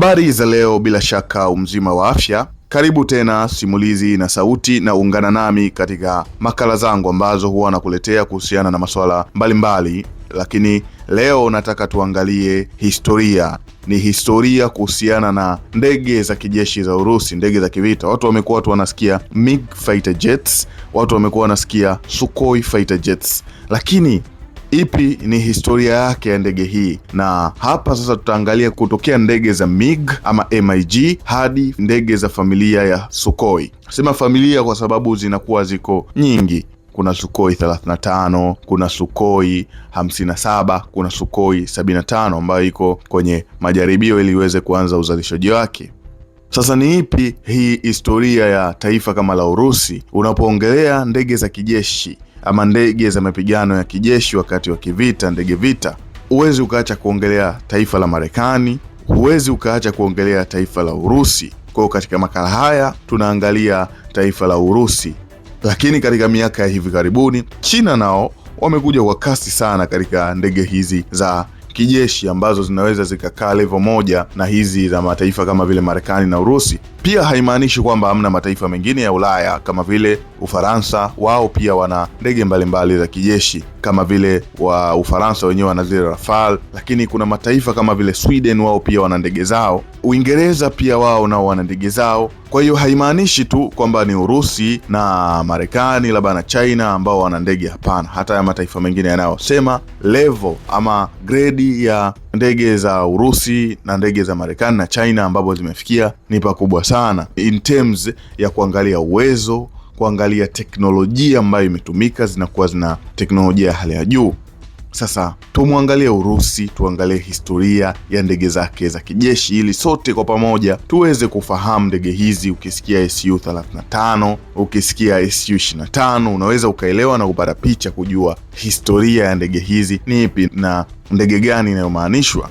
Habari za leo, bila shaka umzima wa afya. Karibu tena Simulizi na Sauti, na ungana nami katika makala zangu ambazo huwa nakuletea kuhusiana na masuala mbalimbali, lakini leo nataka tuangalie historia. Ni historia kuhusiana na ndege za kijeshi za Urusi, ndege za kivita. Watu wamekuwa watu wanasikia MiG fighter jets, watu wamekuwa wanasikia Sukhoi fighter jets, lakini ipi ni historia yake ya ndege hii, na hapa sasa tutaangalia kutokea ndege za MiG ama MiG hadi ndege za familia ya Sukhoi. Sema familia kwa sababu zinakuwa ziko nyingi kuna Sukhoi 35, kuna Sukhoi 57, kuna Sukhoi 75 ambayo iko kwenye majaribio ili iweze kuanza uzalishaji wake. Sasa ni ipi hii historia ya taifa kama la Urusi? Unapoongelea ndege za kijeshi ama ndege za mapigano ya kijeshi wakati wa kivita, ndege vita, huwezi ukaacha kuongelea taifa la Marekani, huwezi ukaacha kuongelea taifa la Urusi. Kwa hiyo katika makala haya tunaangalia taifa la Urusi, lakini katika miaka ya hivi karibuni China nao wamekuja kwa kasi sana katika ndege hizi za kijeshi ambazo zinaweza zikakaa levo moja na hizi za mataifa kama vile Marekani na Urusi. Pia haimaanishi kwamba hamna mataifa mengine ya Ulaya kama vile Ufaransa, wao pia wana ndege mbalimbali za kijeshi kama vile wa Ufaransa wenyewe wana zile Rafale, lakini kuna mataifa kama vile Sweden, wao pia wana ndege zao. Uingereza pia wao nao wana ndege zao. Kwa hiyo haimaanishi tu kwamba ni Urusi na Marekani labda na China ambao wana ndege, hapana. Hata ya mataifa mengine yanayosema level ama gredi ya ndege za Urusi na ndege za Marekani na China ambapo zimefikia ni pakubwa sana in terms ya kuangalia uwezo, kuangalia teknolojia ambayo imetumika, zinakuwa zina teknolojia ya hali ya juu. Sasa tumwangalie Urusi, tuangalie historia ya ndege zake za kijeshi, ili sote kwa pamoja tuweze kufahamu ndege hizi. Ukisikia Su 35 ukisikia Su 25 unaweza ukaelewa na kupata picha, kujua historia ya ndege hizi ni ipi na ndege gani inayomaanishwa.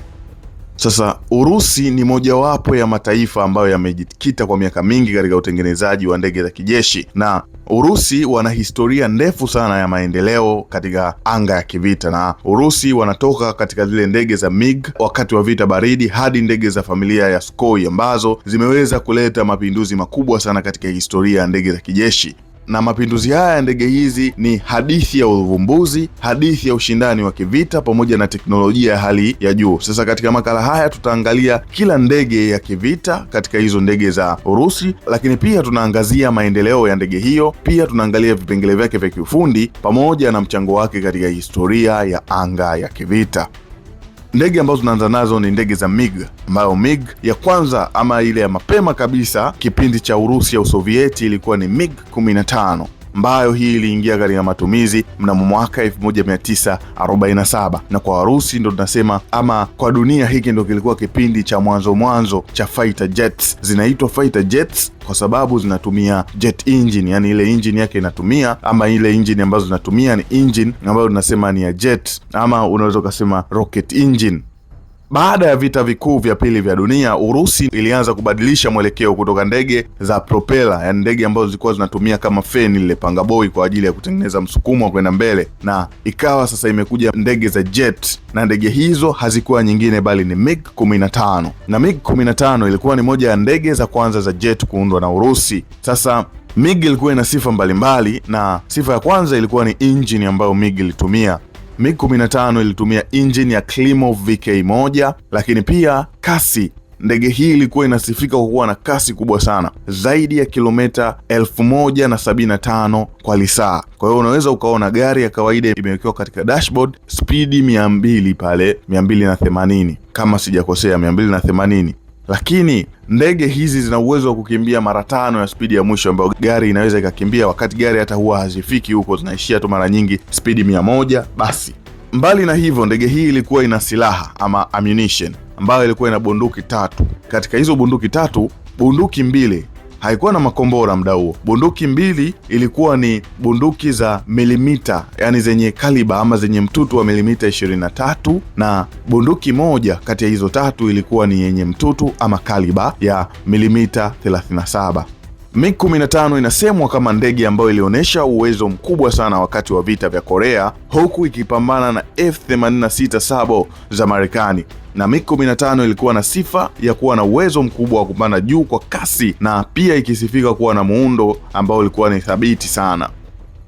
Sasa Urusi ni mojawapo ya mataifa ambayo yamejikita kwa miaka mingi katika utengenezaji wa ndege za kijeshi na Urusi wana historia ndefu sana ya maendeleo katika anga ya kivita, na Urusi wanatoka katika zile ndege za MiG wakati wa vita baridi hadi ndege za familia ya Sukhoi ambazo zimeweza kuleta mapinduzi makubwa sana katika historia ya ndege za kijeshi na mapinduzi haya ya ndege hizi ni hadithi ya uvumbuzi, hadithi ya ushindani wa kivita pamoja na teknolojia ya hali ya juu. Sasa katika makala haya tutaangalia kila ndege ya kivita katika hizo ndege za Urusi, lakini pia tunaangazia maendeleo ya ndege hiyo, pia tunaangalia vipengele vyake vya kiufundi pamoja na mchango wake katika historia ya anga ya kivita. Ndege ambazo tunaanza nazo ni ndege za MiG, ambayo MiG ya kwanza ama ile ya mapema kabisa kipindi cha Urusi ya Usovieti ilikuwa ni MiG 15 ambayo hii iliingia katika matumizi mnamo mwaka 1947 na kwa Warusi ndo tunasema ama kwa dunia, hiki ndo kilikuwa kipindi cha mwanzo mwanzo cha fighter jets. Zinaitwa fighter jets kwa sababu zinatumia jet engine, yani ile engine yake inatumia ama ile engine ambazo zinatumia ni engine ambayo tunasema ni ya jet, ama unaweza ukasema rocket engine. Baada ya vita vikuu vya pili vya dunia, Urusi ilianza kubadilisha mwelekeo kutoka ndege za propela, yani ndege ambazo zilikuwa zinatumia kama feni lile panga boy kwa ajili ya kutengeneza msukumo wa kwenda mbele, na ikawa sasa imekuja ndege za jet, na ndege hizo hazikuwa nyingine bali ni MiG-15. Na MiG-15 ilikuwa ni moja ya ndege za kwanza za jet kuundwa na Urusi. Sasa MiG ilikuwa ina sifa mbalimbali, na sifa ya kwanza ilikuwa ni engine ambayo MiG ilitumia. MiG-15 ilitumia injini ya Klimov VK1, lakini pia kasi ndege hii ilikuwa inasifika kwa kuwa na kasi kubwa sana, zaidi ya kilomita elfu moja na sabini na tano kwa lisaa. Kwa hiyo unaweza ukaona gari ya kawaida imewekewa katika dashboard spidi mia mbili pale, mia mbili na themanini kama sijakosea, mia mbili na themanini lakini ndege hizi zina uwezo wa kukimbia mara tano ya spidi ya mwisho ambayo gari inaweza ikakimbia, wakati gari hata huwa hazifiki huko, zinaishia tu mara nyingi spidi mia moja. Basi mbali na hivyo, ndege hii ilikuwa ina silaha ama ammunition ambayo ilikuwa ina bunduki tatu. Katika hizo bunduki tatu, bunduki mbili haikuwa na makombora mda huo. Bunduki mbili ilikuwa ni bunduki za milimita, yani zenye kaliba ama zenye mtutu wa milimita 23, na bunduki moja kati ya hizo tatu ilikuwa ni yenye mtutu ama kaliba ya milimita 37. MiG-15 inasemwa kama ndege ambayo ilionyesha uwezo mkubwa sana wakati wa vita vya Korea, huku ikipambana na F-86 Sabo za Marekani na MiG-15 ilikuwa na sifa ya kuwa na uwezo mkubwa wa kupanda juu kwa kasi na pia ikisifika kuwa na muundo ambao ulikuwa ni thabiti sana.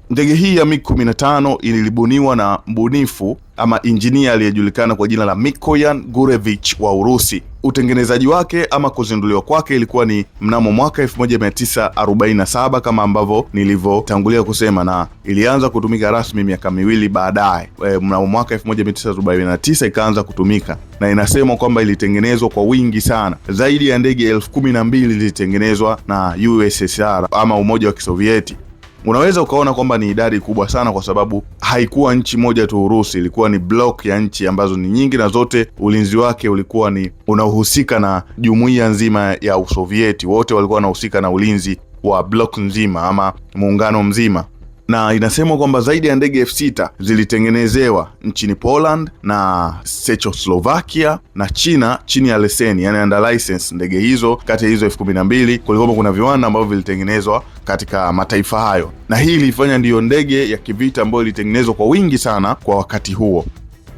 Ndege hii ya MiG-15 ilibuniwa na mbunifu ama injinia aliyejulikana kwa jina la Mikoyan Gurevich wa Urusi. Utengenezaji wake ama kuzinduliwa kwake ilikuwa ni mnamo mwaka 1947 kama ambavyo nilivyotangulia kusema, na ilianza kutumika rasmi miaka miwili baadaye, e, mnamo mwaka 1949 ikaanza kutumika, na inasemwa kwamba ilitengenezwa kwa wingi sana, zaidi ya ndege elfu kumi na mbili zilitengenezwa na USSR ama Umoja wa Kisovieti. Unaweza ukaona kwamba ni idadi kubwa sana, kwa sababu haikuwa nchi moja tu Urusi, ilikuwa ni block ya nchi ambazo ni nyingi, na zote ulinzi wake ulikuwa ni unahusika na jumuiya nzima ya Usovieti. Wote walikuwa wanahusika na ulinzi wa block nzima ama muungano mzima na inasemwa kwamba zaidi ya ndege elfu sita zilitengenezewa nchini Poland na Czechoslovakia na China chini ya leseni, yani under license. Ndege hizo kati ya hizo elfu kumi na mbili kulikuwa kuna viwanda ambavyo vilitengenezwa katika mataifa hayo, na hii ilifanya ndiyo ndege ya kivita ambayo ilitengenezwa kwa wingi sana kwa wakati huo.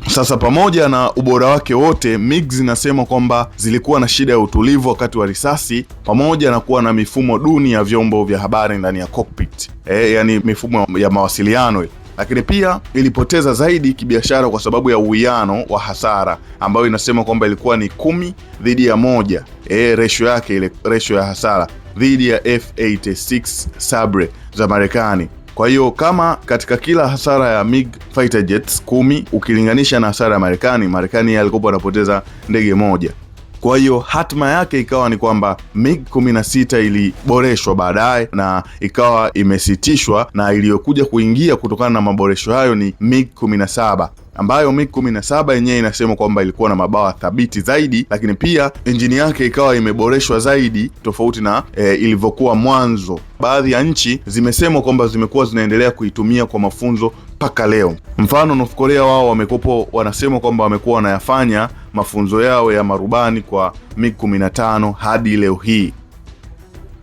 Sasa pamoja na ubora wake wote, MiG inasema kwamba zilikuwa na shida ya utulivu wakati wa risasi pamoja na kuwa na mifumo duni ya vyombo vya habari ndani ya cockpit. E, yani mifumo ya mawasiliano lakini pia ilipoteza zaidi kibiashara kwa sababu ya uwiano wa hasara ambayo inasema kwamba ilikuwa ni kumi dhidi ya moja e, ratio yake ile ratio ya hasara dhidi ya F86 Sabre za Marekani. Kwa hiyo kama katika kila hasara ya MiG fighter jets kumi ukilinganisha na hasara ya Marekani, Marekani alikuwa anapoteza ndege moja. Kwa hiyo hatima yake ikawa ni kwamba MiG 16 iliboreshwa baadaye na ikawa imesitishwa na iliyokuja kuingia kutokana na maboresho hayo ni MiG 17 ambayo MiG 17 yenyewe inasema kwamba ilikuwa na mabawa thabiti zaidi, lakini pia injini yake ikawa imeboreshwa zaidi tofauti na e, ilivyokuwa mwanzo. Baadhi ya nchi zimesemwa kwamba zimekuwa zinaendelea kuitumia kwa mafunzo mpaka leo. Mfano, North Korea wao wamekopo, wanasema kwamba wamekuwa wanayafanya mafunzo yao ya marubani kwa MiG 15 hadi leo hii.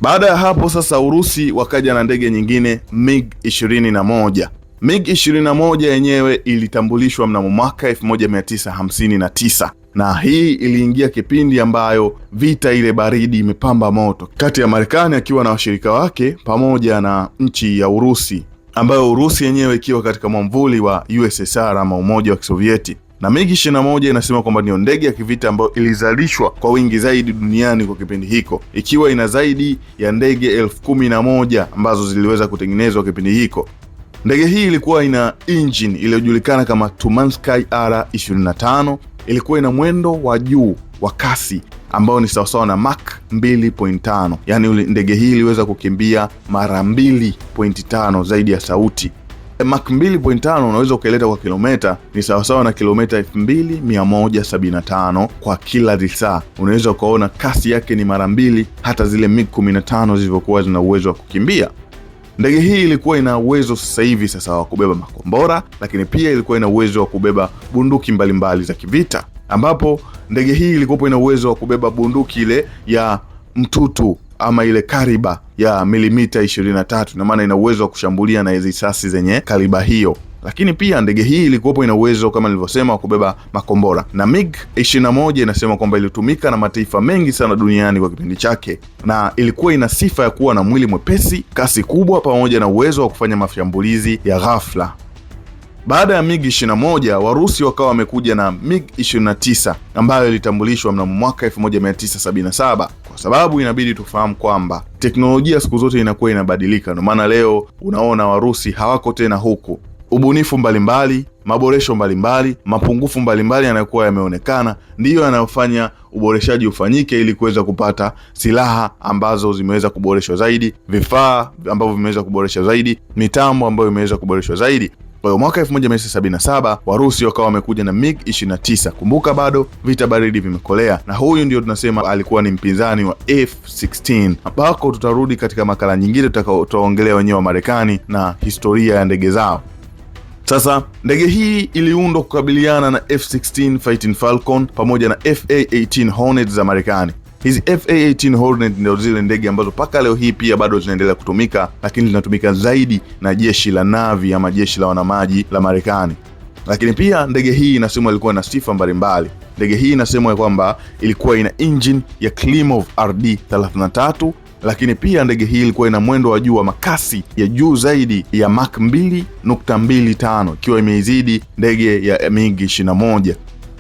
Baada ya hapo sasa, Urusi wakaja na ndege nyingine MiG 21. MiG-21 yenyewe ilitambulishwa mnamo mwaka 1959 na hii iliingia kipindi ambayo vita ile baridi imepamba moto kati ya Marekani akiwa na washirika wake pamoja na nchi ya Urusi, ambayo Urusi yenyewe ikiwa katika mwamvuli wa USSR ama Umoja wa Kisovieti. Na MiG-21 inasema kwamba ndio ndege ya kivita ambayo ilizalishwa kwa wingi zaidi duniani kwa kipindi hiko, ikiwa ina zaidi ya ndege elfu kumi na moja ambazo ziliweza kutengenezwa kipindi hiko. Ndege hii ilikuwa ina engine iliyojulikana kama Tumansky R25. Ilikuwa ina mwendo wa juu wa kasi ambao ni sawasawa na Mach 2.5, yaani ndege hii iliweza kukimbia mara 2.5 zaidi ya sauti. Mach 2.5 unaweza ukaileta kwa kilomita, ni sawasawa na kilomita 2175 kwa kila lisaa. Unaweza ukaona kasi yake ni mara mbili hata zile Mach 15 zilivyokuwa zina uwezo wa kukimbia. Ndege hii ilikuwa ina uwezo sasa hivi sasa wa kubeba makombora, lakini pia ilikuwa ina uwezo wa kubeba bunduki mbalimbali mbali za kivita, ambapo ndege hii ilikuwa ina uwezo wa kubeba bunduki ile ya mtutu ama ile kariba ya milimita 23 na maana ina uwezo wa kushambulia na risasi zenye kaliba hiyo. Lakini pia ndege hii ilikuwepo ina uwezo kama nilivyosema wa kubeba makombora, na MiG 21 inasema kwamba ilitumika na mataifa mengi sana duniani kwa kipindi chake, na ilikuwa ina sifa ya kuwa na mwili mwepesi, kasi kubwa, pamoja na uwezo wa kufanya mashambulizi ya ghafla. Baada ya MiG 21 Warusi wakawa wamekuja na MiG 29 ambayo ilitambulishwa mnamo mwaka 1977 kwa sababu inabidi tufahamu kwamba teknolojia siku zote inakuwa inabadilika. Ndio maana leo unaona Warusi hawako tena huku, ubunifu mbalimbali, maboresho mbalimbali, mapungufu mbalimbali yanayokuwa yameonekana ndiyo yanayofanya uboreshaji ufanyike ili kuweza kupata silaha ambazo zimeweza kuboreshwa zaidi, vifaa ambavyo vimeweza kuboreshwa zaidi, mitambo ambayo imeweza kuboreshwa zaidi. Kwa hiyo mwaka 1977 Warusi wakawa wamekuja na MiG 29. Kumbuka bado vita baridi vimekolea, na huyu ndio tunasema alikuwa ni mpinzani wa F16, ambako tutarudi katika makala nyingine, tutaongelea wenyewe wa Marekani na historia ya ndege zao. Sasa ndege hii iliundwa kukabiliana na F-16 Fighting Falcon pamoja na FA-18 Hornet za Marekani. Hizi FA-18 Hornet ndio zile ndege ambazo mpaka leo hii pia bado zinaendelea kutumika, lakini zinatumika zaidi na jeshi la Navi ama jeshi la wanamaji la Marekani. Lakini pia ndege hii inasemwa ilikuwa na sifa mbalimbali. Ndege hii inasemwa kwamba ilikuwa ina engine ya Klimov RD 33 lakini pia ndege hii ilikuwa ina mwendo wa juu wa makasi ya juu zaidi ya Mach 2.25 ikiwa imeizidi ndege ya MiG 21.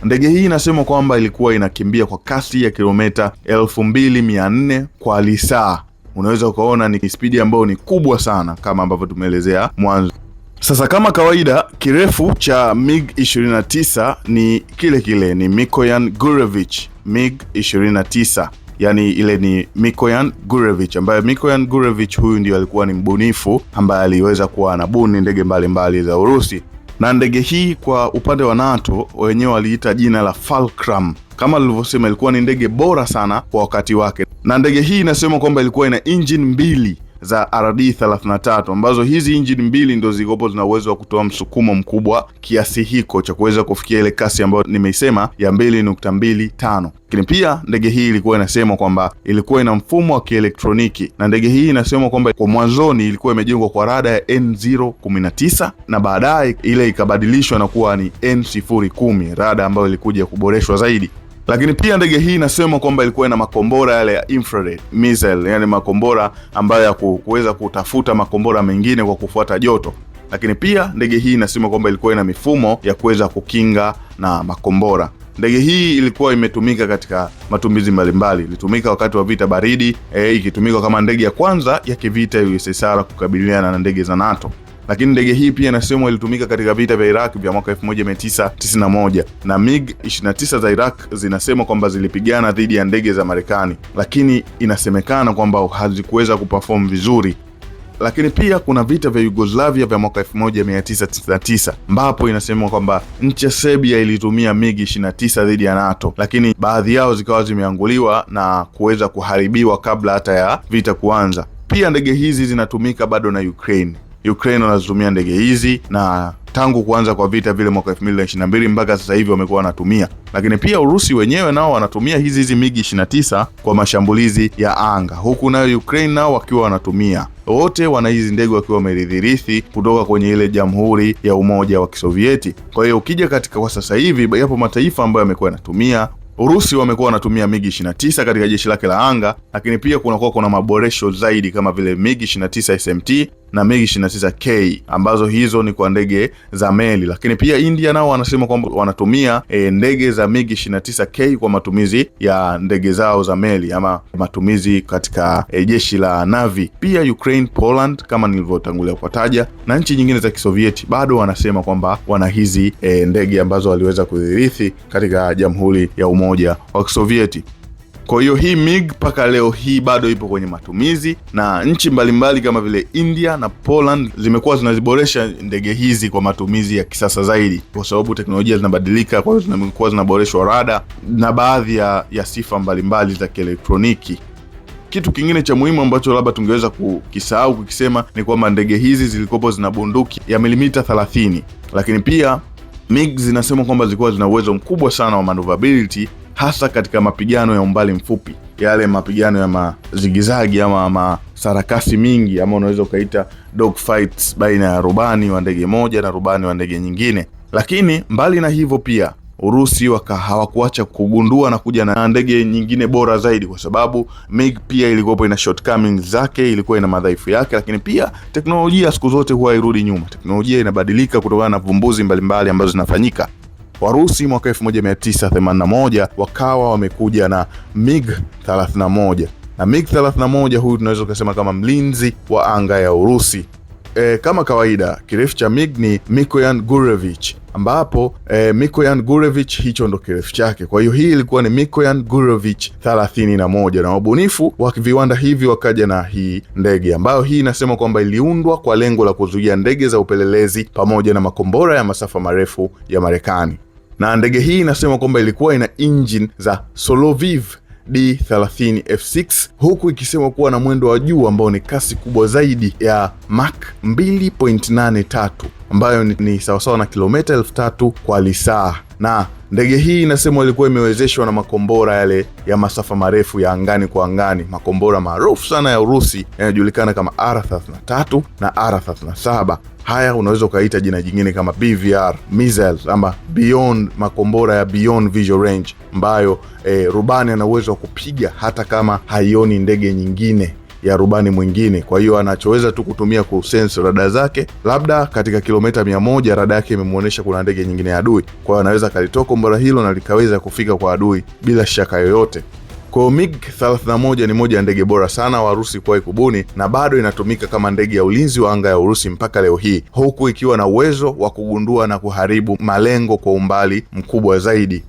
Ndege hii inasemwa kwamba ilikuwa inakimbia kwa kasi ya kilomita 2400 kwa lisaa. Unaweza ukaona ni spidi ambayo ni kubwa sana kama ambavyo tumeelezea mwanzo. Sasa kama kawaida, kirefu cha MiG 29 ni kile kile, ni Mikoyan Gurevich MiG 29 yani ile ni mikoyan Gurevich, ambaye mikoyan Gurevich huyu ndio alikuwa ni mbunifu ambaye aliweza kuwa anabuni ndege mbalimbali za Urusi na ndege hii kwa upande wa NATO wenyewe waliita jina la Falkram. Kama lilivyosema, ilikuwa ni ndege bora sana kwa wakati wake, na ndege hii inasema kwamba ilikuwa ina engine mbili za RD33 ambazo hizi injini mbili ndo zikopo zina uwezo wa kutoa msukumo mkubwa kiasi hiko cha kuweza kufikia ile kasi ambayo nimeisema ya 2.25. Lakini pia ndege hii ilikuwa inasemwa kwamba ilikuwa ina mfumo wa kielektroniki, na ndege hii inasemwa kwamba kwa mwanzoni ilikuwa imejengwa kwa rada ya N019 na baadaye ile ikabadilishwa na kuwa ni N010, rada ambayo ilikuja kuboreshwa zaidi. Lakini pia ndege hii inasema kwamba ilikuwa ina makombora yale ya infrared missile, yani makombora ambayo ya kuweza kutafuta makombora mengine kwa kufuata joto. Lakini pia ndege hii inasema kwamba ilikuwa ina mifumo ya kuweza kukinga na makombora. Ndege hii ilikuwa imetumika katika matumizi mbalimbali. Ilitumika wakati wa vita baridi, e, ikitumika kama ndege ya kwanza ya kivita USSR kukabiliana na ndege za NATO lakini ndege hii pia inasemwa ilitumika katika vita vya Iraq vya mwaka 1991 na MiG 29 za Iraq zinasemwa kwamba zilipigana dhidi ya ndege za Marekani, lakini inasemekana kwamba hazikuweza kuperform vizuri lakini pia kuna vita vya Yugoslavia vya mwaka 1999 ambapo inasemwa kwamba nchi ya Serbia ilitumia mig 29 dhidi ya NATO, lakini baadhi yao zikawa zimeanguliwa na kuweza kuharibiwa kabla hata ya vita kuanza. Pia ndege hizi zinatumika bado na Ukraine. Ukraine wanazitumia ndege hizi na tangu kuanza kwa vita vile mwaka 2022 mpaka sasa hivi wamekuwa wanatumia, lakini pia Urusi wenyewe nao wanatumia hizi hizi migi 29 kwa mashambulizi ya anga, huku nayo Ukraine nao wakiwa wanatumia wote wana hizi ndege wakiwa wameridhirithi kutoka kwenye ile jamhuri ya umoja wa Kisovieti. Kwa hiyo ukija katika kwa sasa hivi, yapo mataifa ambayo yamekuwa yanatumia Urusi wamekuwa wanatumia migi 29 katika jeshi lake la anga, lakini pia kunakuwa kuna maboresho zaidi kama vile migi 29 SMT na MiG 29K ambazo hizo ni kwa ndege za meli, lakini pia India nao wanasema kwamba wanatumia e, ndege za MiG 29K kwa matumizi ya ndege zao za meli ama matumizi katika e, jeshi la Navy. Pia Ukraine, Poland kama nilivyotangulia kuwataja na nchi nyingine za Kisovieti bado wanasema kwamba wana hizi e, ndege ambazo waliweza kudhirithi katika Jamhuri ya Umoja wa Kisovieti. Kwa hiyo hii MiG mpaka leo hii bado ipo kwenye matumizi na nchi mbalimbali kama vile India na Poland zimekuwa zinaziboresha ndege hizi kwa matumizi ya kisasa zaidi, kwa sababu teknolojia zinabadilika. Kwa hiyo zimekuwa zinaboreshwa rada na baadhi ya, ya sifa mbalimbali za kielektroniki. Kitu kingine cha muhimu ambacho labda tungeweza kukisahau kukisema ni kwamba ndege hizi zilikopo zina bunduki ya milimita 30, lakini pia MiG zinasema kwamba zilikuwa zina uwezo mkubwa sana wa maneuverability hasa katika mapigano ya umbali mfupi, yale mapigano ya mazigizagi ama masarakasi mingi, ama unaweza ukaita dog fights baina ya rubani wa ndege moja na rubani wa ndege nyingine. Lakini mbali na hivyo pia Urusi waka hawakuacha kugundua na kuja na ndege nyingine bora zaidi, kwa sababu MiG pia ilikuwapo ina shortcomings zake, ilikuwa ina madhaifu yake, lakini pia teknolojia siku zote huwa irudi nyuma. Teknolojia inabadilika kutokana na vumbuzi mbalimbali ambazo zinafanyika. Warusi mwaka 1981 wakawa wamekuja na MiG 31 na MiG 31 huyu tunaweza tukasema kama mlinzi wa anga ya Urusi. E, kama kawaida kirefu cha MiG ni Mikoyan Gurevich ambapo e, Mikoyan Gurevich hicho ndo kirefu chake. Kwa hiyo hii ilikuwa ni Mikoyan Gurevich 31 na wabunifu wa viwanda hivi wakaja na hii ndege ambayo hii inasema kwamba iliundwa kwa lengo la kuzuia ndege za upelelezi pamoja na makombora ya masafa marefu ya Marekani na ndege hii inasema kwamba ilikuwa ina engine za Soloviev D30 F6 huku ikisema kuwa na mwendo wa juu ambao ni kasi kubwa zaidi ya Mach 2.83 ambayo ni, ni sawasawa na kilomita elfu tatu kwa lisaa na ndege hii inasemwa ilikuwa imewezeshwa na makombora yale ya masafa marefu ya angani kwa angani, makombora maarufu sana ya Urusi yanayojulikana kama R33 na R37. Haya unaweza ukaita jina jingine kama BVR missiles ama beyond makombora ya beyond visual range, ambayo e, rubani ana uwezo wa kupiga hata kama haioni ndege nyingine ya rubani mwingine. Kwa hiyo anachoweza tu kutumia kusense rada zake, labda katika kilomita mia moja rada yake imemwonyesha kuna ndege nyingine ya adui. Kwa hiyo anaweza akalitoa kombora hilo na likaweza kufika kwa adui bila shaka yoyote. Kwa hiyo MiG-31 ni moja ya ndege bora sana Warusi kuwahi kubuni na bado inatumika kama ndege ya ulinzi wa anga ya Urusi mpaka leo hii, huku ikiwa na uwezo wa kugundua na kuharibu malengo kwa umbali mkubwa zaidi.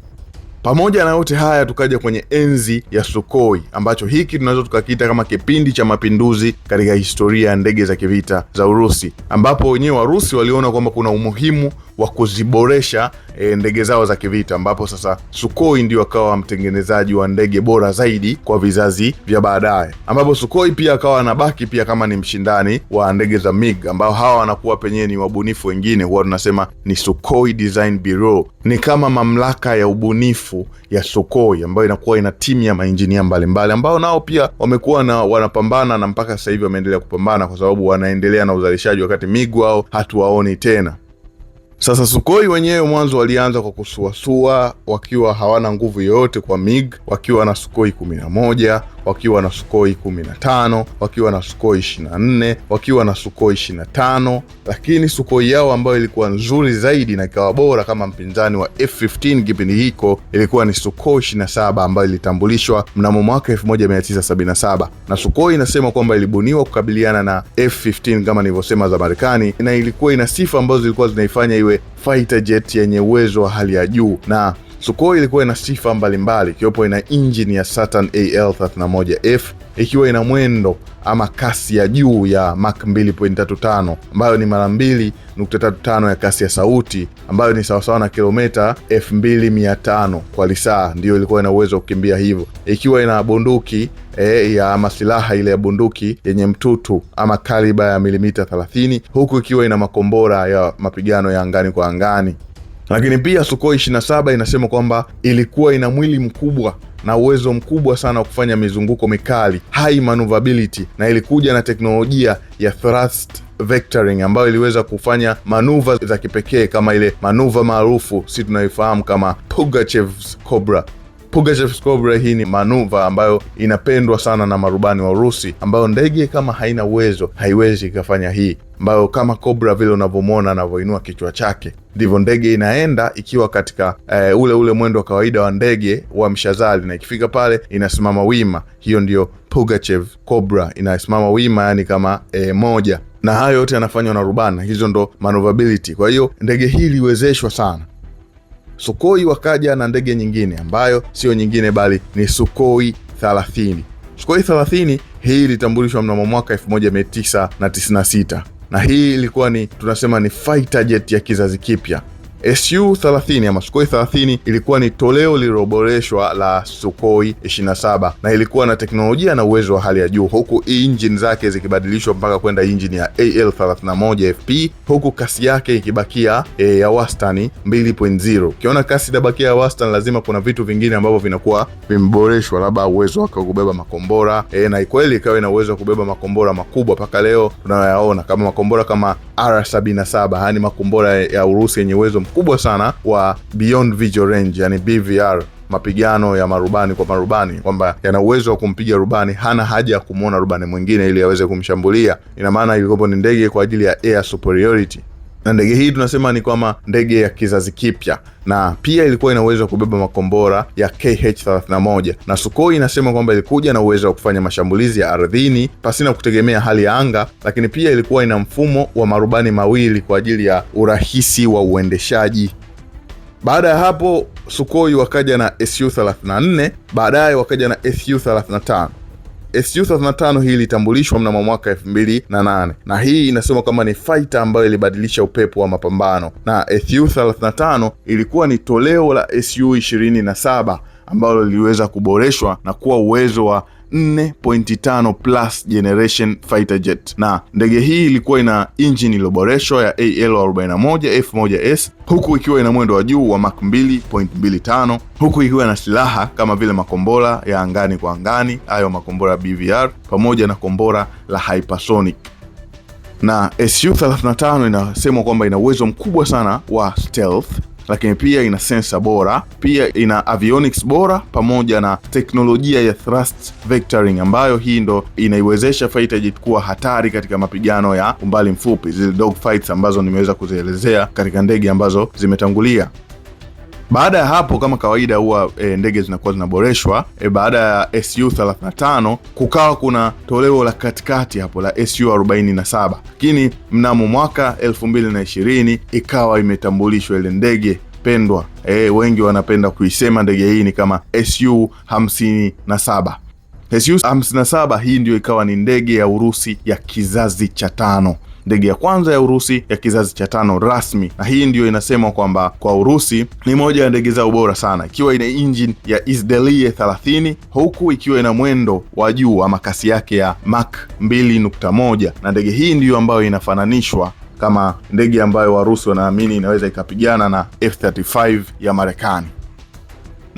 Pamoja na yote haya, tukaja kwenye enzi ya Sukhoi, ambacho hiki tunaweza tukakiita kama kipindi cha mapinduzi katika historia ya ndege za kivita za Urusi, ambapo wenyewe Warusi waliona kwamba kuna umuhimu wa kuziboresha e, ndege zao za kivita, ambapo sasa Sukhoi ndio akawa mtengenezaji wa ndege bora zaidi kwa vizazi vya baadaye, ambapo Sukhoi pia akawa anabaki pia kama ni mshindani wa ndege za MiG, ambao hawa wanakuwa penyewe ni wabunifu wengine, huwa tunasema ni Sukhoi Design Bureau, ni kama mamlaka ya ubunifu ya Sukhoi ambayo inakuwa ina timu ya mainjinia mbalimbali ambao nao pia wamekuwa na wanapambana na mpaka sasa hivi wameendelea kupambana, kwa sababu wanaendelea na uzalishaji, wakati MiG wao hatuwaoni tena. Sasa sukoi wenyewe mwanzo walianza kwa kusuasua wakiwa hawana nguvu yoyote kwa MiG, wakiwa na sukoi 11, wakiwa na sukoi 15, wakiwa na sukoi 24, wakiwa na sukoi 25, lakini sukoi yao ambayo ilikuwa nzuri zaidi na ikawa bora kama mpinzani wa F15 kipindi hiko ilikuwa ni sukoi 27 ambayo ilitambulishwa mnamo mwaka 1977 na sukoi inasema kwamba ilibuniwa kukabiliana na F15 kama nilivyosema za Marekani, na ilikuwa ina sifa ambazo zilikuwa zinaifanya iwe iwe fighter jet yenye uwezo wa hali ya juu na Sukhoi ilikuwa ina sifa mbalimbali ikiwepo ina injini ya Saturn AL 31F ikiwa ina mwendo ama kasi ya juu ya Mach 2.35 ambayo ni mara 2.35 ya kasi ya sauti ambayo ni sawasawa na kilometa 2500 kwa lisaa, ndiyo ilikuwa ina uwezo wa kukimbia hivyo, ikiwa ina bunduki E, ya ama silaha ile ya bunduki yenye mtutu ama kaliba ya milimita 30 huku ikiwa ina makombora ya mapigano ya angani kwa angani. Lakini pia sukoi 27 inasema kwamba ilikuwa ina mwili mkubwa na uwezo mkubwa sana wa kufanya mizunguko mikali, high maneuverability, na ilikuja na teknolojia ya thrust vectoring ambayo iliweza kufanya manuva za kipekee kama ile manuva maarufu si tunaifahamu kama Pugachev's Cobra. Pugachev Cobra. Hii ni manuva ambayo inapendwa sana na marubani wa Urusi, ambayo ndege kama haina uwezo haiwezi ikafanya hii, ambayo kama Cobra vile unavyomwona anavyoinua kichwa chake, ndivyo ndege inaenda ikiwa katika e, ule ule mwendo wa kawaida wa ndege wa mshazali, na ikifika pale inasimama wima. Hiyo ndiyo Pugachev Cobra, inasimama wima, yani kama e, moja na hayo yote yanafanywa na rubani. Hizo ndo maneuverability. Kwa hiyo ndege hii iliwezeshwa sana Sukoi wakaja na ndege nyingine ambayo sio nyingine bali ni Sukoi 30. Sukoi 30 hii ilitambulishwa mnamo mwaka 1996 na hii ilikuwa ni tunasema ni fighter jet ya kizazi kipya. SU 30 ama Sukhoi 30 ilikuwa ni toleo lililoboreshwa la Sukhoi 27 na ilikuwa na teknolojia na uwezo wa hali ya juu, huku injini zake zikibadilishwa mpaka kwenda injini ya AL 31 FP, huku kasi yake ikibakia e, ya wastani 2.0. Ukiona kasi inabakia ya wastani, lazima kuna vitu vingine ambavyo vinakuwa vimeboreshwa, labda uwezo wake wa kubeba makombora e, na kweli ikawa ina uwezo wa kubeba makombora makubwa mpaka leo tunayoyaona kama makombora kama R77, yani makombora ya Urusi yenye uwezo mkubwa sana wa beyond visual range, yani BVR mapigano ya marubani kwa marubani, kwamba yana uwezo wa kumpiga rubani, hana haja ya kumwona rubani mwingine ili aweze kumshambulia. Ina maana ilikopo ni ndege kwa ajili ya air superiority na ndege hii tunasema ni kwama ndege ya kizazi kipya, na pia ilikuwa ina uwezo wa kubeba makombora ya KH-31 na Sukhoi inasema kwamba ilikuja na uwezo wa kufanya mashambulizi ya ardhini pasina kutegemea hali ya anga, lakini pia ilikuwa ina mfumo wa marubani mawili kwa ajili ya urahisi wa uendeshaji. Baada ya hapo Sukhoi wakaja na Su-34, baadaye wakaja na Su-35. SU 35 hii ilitambulishwa mnamo mwaka 2008 na hii inasoma kwamba ni fighter ambayo ilibadilisha upepo wa mapambano, na SU 35 ilikuwa ni toleo la SU 27 ambalo liliweza kuboreshwa na kuwa uwezo wa 4.5 plus generation fighter jet, na ndege hii ilikuwa ina injini iliyoboreshwa ya AL41 F1S huku ikiwa ina mwendo wa juu wa Mach 2.25 huku ikiwa na silaha kama vile makombora ya angani kwa angani, hayo makombora BVR pamoja na kombora la hypersonic na SU-35 inasemwa kwamba ina uwezo mkubwa sana wa stealth lakini pia ina sensa bora, pia ina avionics bora pamoja na teknolojia ya thrust vectoring, ambayo hii ndo inaiwezesha fighter jet kuwa hatari katika mapigano ya umbali mfupi, zile dog fights ambazo nimeweza kuzielezea katika ndege ambazo zimetangulia. Baada ya hapo kama kawaida huwa e, ndege zinakuwa zinaboreshwa e, baada ya SU 35 kukawa kuna toleo la katikati hapo la SU 47, lakini mnamo mwaka 2020 ikawa imetambulishwa ile ndege pendwa e, wengi wanapenda kuisema ndege hii ni kama SU 57. SU 57 hii ndio ikawa ni ndege ya Urusi ya kizazi cha tano ndege ya kwanza ya Urusi ya kizazi cha tano rasmi, na hii ndiyo inasema kwamba kwa Urusi ni moja ya ndege zao bora sana, ikiwa ina injini ya isdelie 30 huku ikiwa ina mwendo wa juu ama kasi yake ya Mach 2.1 na ndege hii ndiyo ambayo inafananishwa kama ndege ambayo Warusi wanaamini inaweza ikapigana na F35 ya Marekani.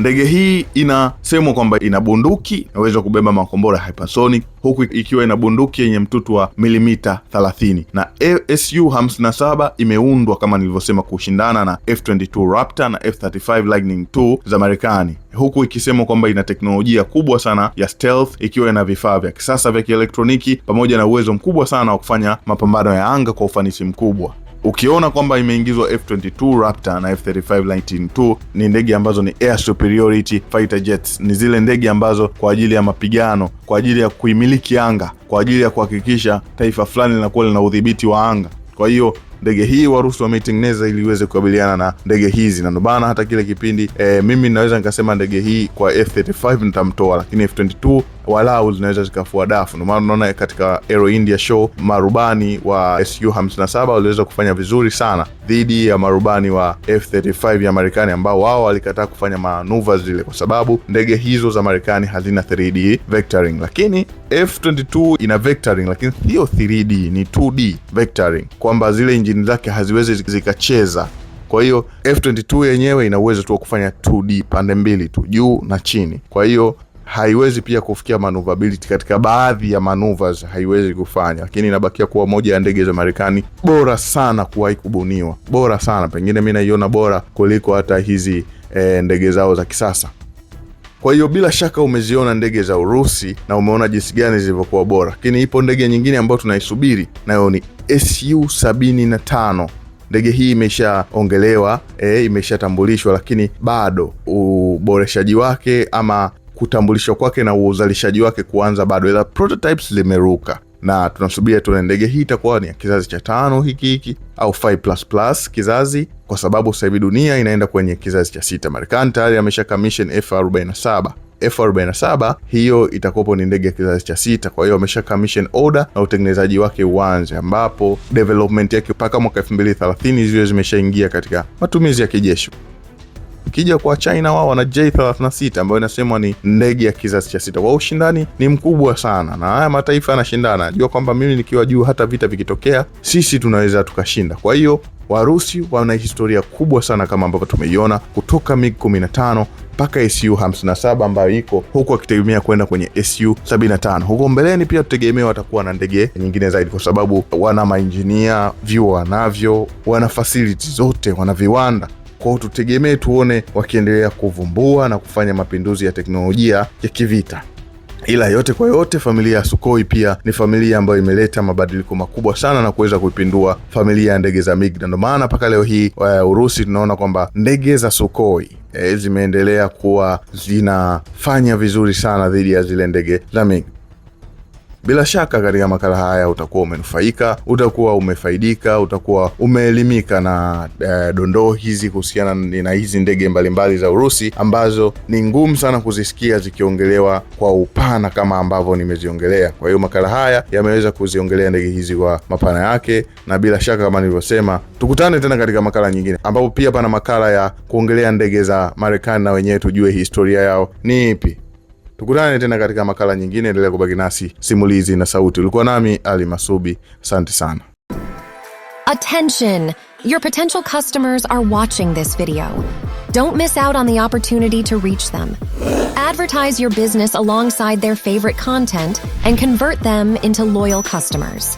Ndege hii inasemwa kwamba ina bunduki inaweza kubeba makombora ya hypersonic huku ikiwa ina bunduki yenye mtutu wa milimita 30 na ASU 57 imeundwa kama nilivyosema kushindana na F22 Raptor na F35 Lightning II za Marekani, huku ikisemwa kwamba ina teknolojia kubwa sana ya stealth, ikiwa ina vifaa vya kisasa vya kielektroniki pamoja na uwezo mkubwa sana wa kufanya mapambano ya anga kwa ufanisi mkubwa. Ukiona kwamba imeingizwa F22 Raptor na F35 Lightning II, ni ndege ambazo ni air superiority fighter jets, ni zile ndege ambazo kwa ajili ya mapigano, kwa ajili ya kuimiliki anga, kwa ajili ya kuhakikisha taifa fulani linakuwa lina udhibiti wa anga. Kwa hiyo ndege hii Warusi wameitengeneza ili iweze kukabiliana na ndege hizi, na ndo maana hata kile kipindi e, mimi naweza nikasema ndege hii kwa F35 nitamtoa, lakini F22 walau zinaweza zikafua dafu. Ndio maana unaona katika Aero India show marubani wa SU 57 waliweza kufanya vizuri sana dhidi ya marubani wa F35 ya Marekani, ambao wao walikataa kufanya manuva zile kwa sababu ndege hizo za Marekani hazina 3D vectoring, lakini F22 ina vectoring, lakini hiyo 3D ni 2D vectoring, kwamba zile injini zake haziwezi zikacheza. Kwa hiyo F22 yenyewe ina uwezo tu wa kufanya 2D pande mbili tu, juu na chini. Kwa hiyo haiwezi pia kufikia maneuverability katika baadhi ya maneuvers, haiwezi kufanya, lakini inabakia kuwa moja ya ndege za Marekani bora sana kuwahi kubuniwa, bora sana pengine, mi naiona bora kuliko hata hizi e, ndege zao za kisasa. Kwa hiyo bila shaka umeziona ndege za Urusi na umeona jinsi gani zilivyokuwa bora, lakini ipo ndege nyingine ambayo tunaisubiri nayo ni SU 75. Ndege hii imeshaongelewa e, imeshatambulishwa, lakini bado uboreshaji wake ama kutambulishwa kwake na uzalishaji wake kuanza bado, ila prototypes limeruka na tunasubiria tuone ndege hii itakuwa ni kizazi cha tano hiki hiki au 5++ kizazi, kwa sababu sasa hivi dunia inaenda kwenye kizazi cha sita. Marekani tayari amesha commission F47 F47 hiyo itakuwapo ni ndege ya kizazi cha sita. Kwa hiyo wamesha commission order na utengenezaji wake uanze, ambapo development yake mpaka mwaka 2030 ziwe zimeshaingia katika matumizi ya kijeshi. Ukija kwa China wao wana J36 ambayo inasemwa ni ndege ya kizazi cha sita, kwa ushindani ni mkubwa sana, na haya mataifa yanashindana, najua kwamba mimi nikiwa juu, hata vita vikitokea, sisi tunaweza tukashinda. Kwa hiyo Warusi wana historia kubwa sana kama ambavyo tumeiona kutoka MiG 15 mpaka SU 57 ambayo iko huku, wakitegemea kwenda kwenye SU 75 huko mbeleni. Pia tutegemea watakuwa na ndege nyingine zaidi, kwa sababu wana mainjinia, vyuo wanavyo, wana fasiliti zote, wana viwanda. Kwao tutegemee tuone wakiendelea kuvumbua na kufanya mapinduzi ya teknolojia ya kivita. Ila yote kwa yote, familia ya Sukhoi pia ni familia ambayo imeleta mabadiliko makubwa sana na kuweza kuipindua familia ya ndege za MiG, na ndio maana mpaka leo hii uh, Urusi tunaona kwamba ndege za Sukhoi e, eh, zimeendelea kuwa zinafanya vizuri sana dhidi ya zile ndege za MiG. Bila shaka katika makala haya utakuwa umenufaika, utakuwa umefaidika, utakuwa umeelimika na uh, dondoo hizi kuhusiana na hizi ndege mbalimbali za Urusi ambazo ni ngumu sana kuzisikia zikiongelewa kwa upana kama ambavyo nimeziongelea. Kwa hiyo makala haya yameweza kuziongelea ndege hizi kwa mapana yake, na bila shaka kama nilivyosema, tukutane tena katika makala nyingine, ambapo pia pana makala ya kuongelea ndege za Marekani na wenyewe tujue historia yao ni ipi. Tukutane tena katika makala nyingine. Endelea kubaki nasi Simulizi na Sauti. Ulikuwa nami Ali Masubi, asante sana. Attention, your potential customers are watching this video. Don't miss out on the opportunity to reach them. Advertise your business alongside their favorite content and convert them into loyal customers.